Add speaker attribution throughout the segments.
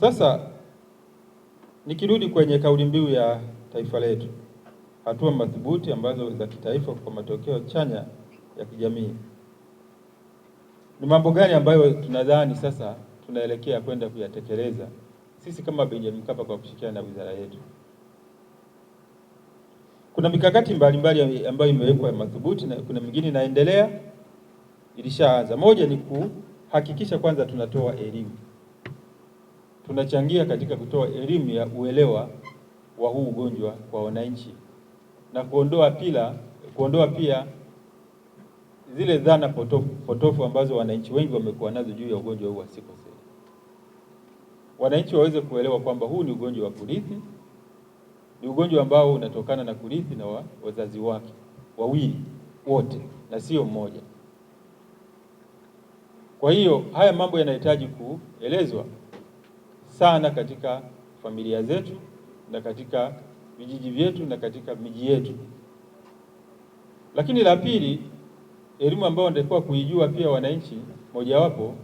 Speaker 1: Sasa nikirudi kwenye kauli mbiu ya taifa letu, hatua madhubuti ambazo za kitaifa kwa matokeo chanya ya kijamii, ni mambo gani ambayo tunadhani sasa tunaelekea kwenda kuyatekeleza sisi kama Benjamin Mkapa kwa kushirikiana na wizara yetu? Kuna mikakati mbalimbali ambayo imewekwa madhubuti na kuna mingine inaendelea, ilishaanza. Moja ni kuhakikisha kwanza tunatoa elimu tunachangia katika kutoa elimu ya uelewa wa huu ugonjwa kwa wananchi na kuondoa pila, kuondoa pia zile dhana potofu, potofu ambazo wananchi wengi wamekuwa nazo juu ya ugonjwa huu wa sickle cell. Wananchi waweze kuelewa kwamba huu ni ugonjwa wa kurithi, ni ugonjwa ambao unatokana na kurithi na wa, wazazi wake wawili wote na sio mmoja. Kwa hiyo haya mambo yanahitaji kuelezwa sana katika familia zetu na katika vijiji vyetu na katika miji yetu. Lakini la pili, elimu ambayo wanatakiwa kuijua pia wananchi, mojawapo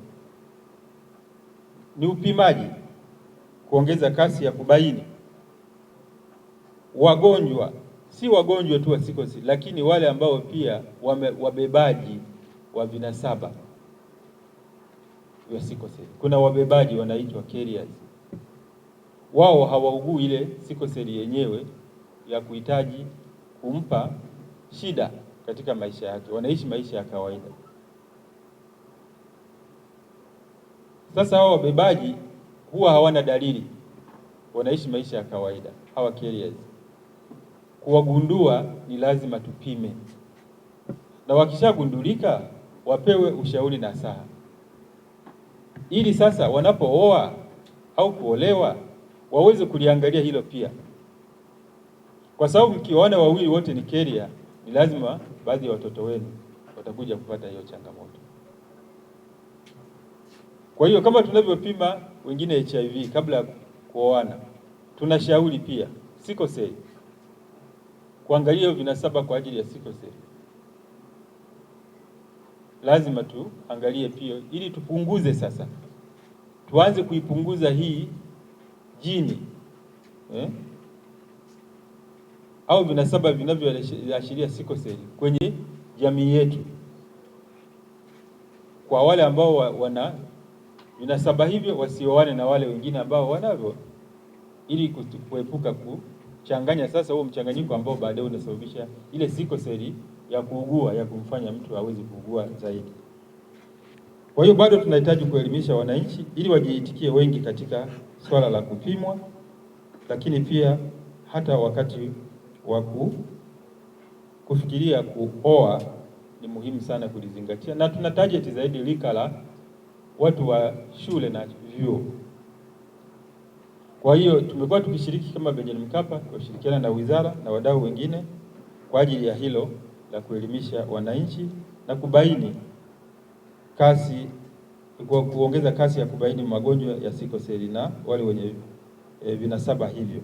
Speaker 1: ni upimaji, kuongeza kasi ya kubaini wagonjwa, si wagonjwa tu wa sikosi, lakini wale ambao pia wame, wabebaji wa vinasaba ya Kuna wabebaji wanaitwa carriers, wao hawaugui ile sikoseli yenyewe ya kuhitaji kumpa shida katika maisha yake, wanaishi maisha ya kawaida. Sasa hao wabebaji huwa hawana dalili, wanaishi maisha ya kawaida hawa carriers. Kuwagundua ni lazima tupime, na wakishagundulika wapewe ushauri na saha ili sasa wanapooa au kuolewa waweze kuliangalia hilo pia, kwa sababu mkiwaona wawili wote ni keria, ni lazima baadhi ya watoto wenu watakuja kupata hiyo changamoto. Kwa hiyo kama tunavyopima wengine HIV kabla ya kuoana, tunashauri pia sikoseli, kuangalia vinasaba kwa ajili ya sikoseli lazima tuangalie pia, ili tupunguze sasa, tuanze kuipunguza hii jini eh, au vinasaba vinavyoashiria sikoseli kwenye jamii yetu. Kwa wale ambao wana vinasaba hivyo, wasioane na wale wengine ambao wanavyo, ili kuepuka kuchanganya sasa huo mchanganyiko ambao baadaye unasababisha ile sikoseli ya kuugua ya kumfanya mtu awezi kuugua zaidi. Kwa hiyo bado tunahitaji kuelimisha wananchi ili wajiitikie wengi katika swala la kupimwa, lakini pia hata wakati wa kufikiria kuoa ni muhimu sana kulizingatia, na tuna target zaidi lika la watu wa shule na vyuo. Kwa hiyo tumekuwa tukishiriki kama Benjamin Mkapa, kushirikiana na wizara na wadau wengine kwa ajili ya hilo la kuelimisha wananchi na kubaini kasi kwa kuongeza kasi ya kubaini magonjwa ya sikoseli na wale wenye e, vinasaba hivyo.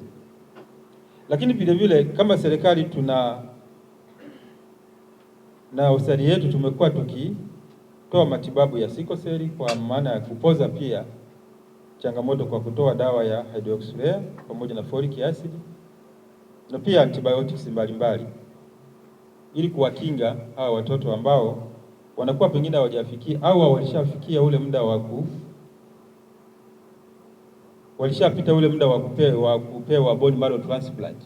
Speaker 1: Lakini vile vile kama serikali tuna na hospitali yetu tumekuwa tukitoa matibabu ya sikoseli kwa maana ya kupoza pia changamoto kwa kutoa dawa ya hydroxyurea pamoja na folic acid na pia antibiotics mbalimbali ili kuwakinga hawa watoto ambao wanakuwa pengine hawajafikia au walishafikia ule muda wa ku walishapita ule muda wa kupewa kupewa bone marrow transplant.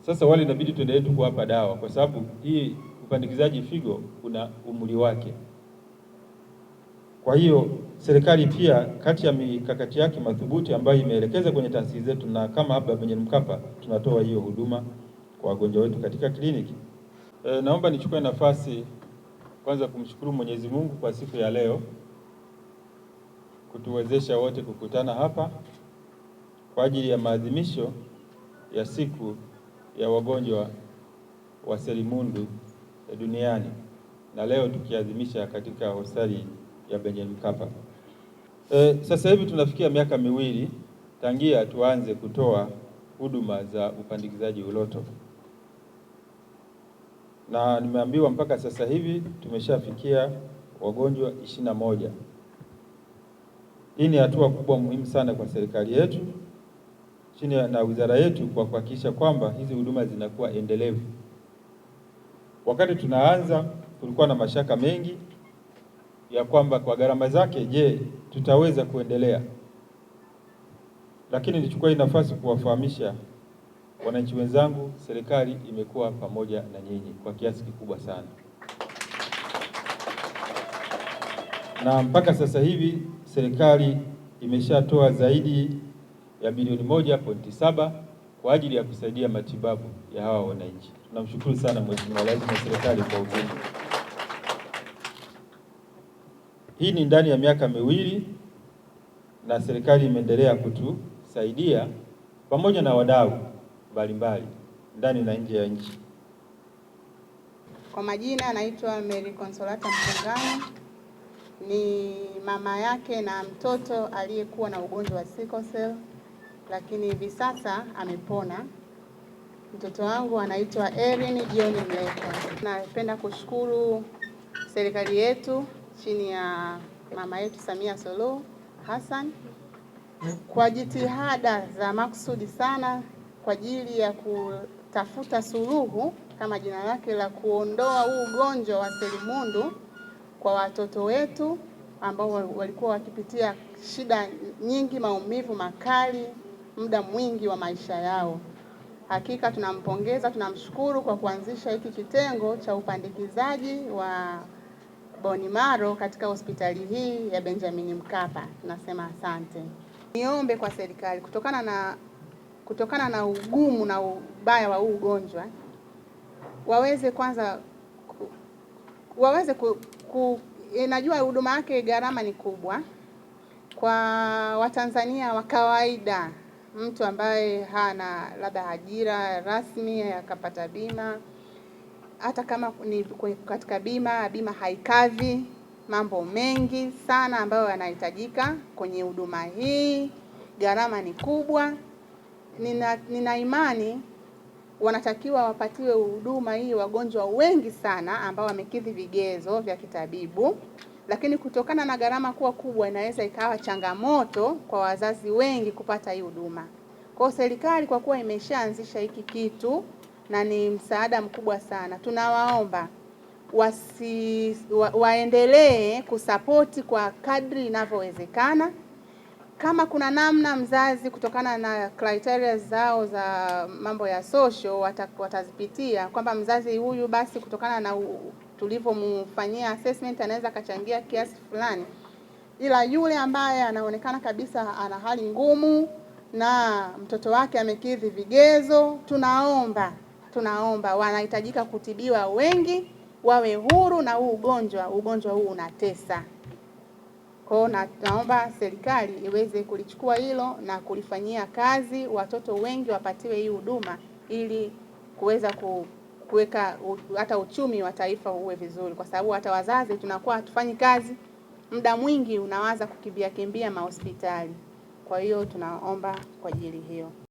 Speaker 1: Sasa wale inabidi tuendelee tu kuwapa dawa, kwa sababu hii upandikizaji figo kuna umri wake. Kwa hiyo serikali pia kati ya mikakati yake madhubuti ambayo imeelekeza kwenye taasisi zetu na kama hapa Benjamin Mkapa tunatoa hiyo huduma kwa wagonjwa wetu katika kliniki. E, naomba nichukue nafasi kwanza kumshukuru Mwenyezi Mungu kwa siku ya leo kutuwezesha wote kukutana hapa kwa ajili ya maadhimisho ya siku ya wagonjwa wa selimundu duniani na leo tukiadhimisha katika hospitali ya Benjamin Mkapa. E, sasa hivi tunafikia miaka miwili tangia tuanze kutoa huduma za upandikizaji uloto na nimeambiwa mpaka sasa hivi tumeshafikia wagonjwa ishirini na moja. Hii ni hatua kubwa muhimu sana kwa serikali yetu chini na wizara yetu kwa kuhakikisha kwamba hizi huduma zinakuwa endelevu. Wakati tunaanza kulikuwa na mashaka mengi ya kwamba kwa gharama zake, je, tutaweza kuendelea? Lakini nichukua hii nafasi kuwafahamisha Wananchi wenzangu, serikali imekuwa pamoja na nyinyi kwa kiasi kikubwa sana, na mpaka sasa hivi serikali imeshatoa zaidi ya bilioni moja pointi saba kwa ajili ya kusaidia matibabu ya hawa wananchi. Tunamshukuru sana Mheshimiwa Rais na serikali kwa ujumla. Hii ni ndani ya miaka miwili, na serikali imeendelea kutusaidia pamoja na wadau mbalimbali ndani na nje ya nchi.
Speaker 2: Kwa majina anaitwa Mary Consolata Mkungani, ni mama yake na mtoto aliyekuwa na ugonjwa wa sickle cell, lakini hivi sasa amepona. Mtoto wangu anaitwa Erin John Mleka. Napenda kushukuru serikali yetu chini ya mama yetu Samia Suluhu Hassan kwa jitihada za makusudi sana kwa ajili ya kutafuta suluhu kama jina lake la kuondoa huu ugonjwa wa selimundu kwa watoto wetu ambao walikuwa wakipitia shida nyingi, maumivu makali muda mwingi wa maisha yao. Hakika tunampongeza, tunamshukuru kwa kuanzisha hiki kitengo cha upandikizaji wa boni maro katika hospitali hii ya Benjamin Mkapa. Tunasema asante. Niombe kwa serikali kutokana na kutokana na ugumu na ubaya wa huu ugonjwa waweze kwanza ku, waweze ku, ku, eh, najua huduma yake gharama ni kubwa kwa Watanzania wa kawaida, mtu ambaye hana labda ajira rasmi akapata bima, hata kama ni katika bima, bima haikavi mambo mengi sana ambayo yanahitajika kwenye huduma hii, gharama ni kubwa nina, nina imani wanatakiwa wapatiwe huduma hii wagonjwa wengi sana ambao wamekidhi vigezo vya kitabibu, lakini kutokana na gharama kuwa kubwa inaweza ikawa changamoto kwa wazazi wengi kupata hii huduma. Kwa serikali kwa kuwa imeshaanzisha hiki kitu na ni msaada mkubwa sana, tunawaomba wasi, wa, waendelee kusapoti kwa kadri inavyowezekana. Kama kuna namna mzazi kutokana na criteria zao za mambo ya social watazipitia kwamba mzazi huyu basi kutokana na tulivyomfanyia assessment anaweza akachangia kiasi fulani, ila yule ambaye anaonekana kabisa ana hali ngumu na mtoto wake amekidhi vigezo, tunaomba tunaomba wanahitajika kutibiwa wengi, wawe huru na huu ugonjwa. Ugonjwa huu unatesa. Kwa hiyo naomba serikali iweze kulichukua hilo na kulifanyia kazi, watoto wengi wapatiwe hii huduma ili kuweza kuweka hata uchumi wa taifa uwe vizuri, kwa sababu hata wazazi tunakuwa hatufanyi kazi, muda mwingi unawaza kukimbia kimbia mahospitali. Kwa hiyo tunaomba kwa ajili hiyo.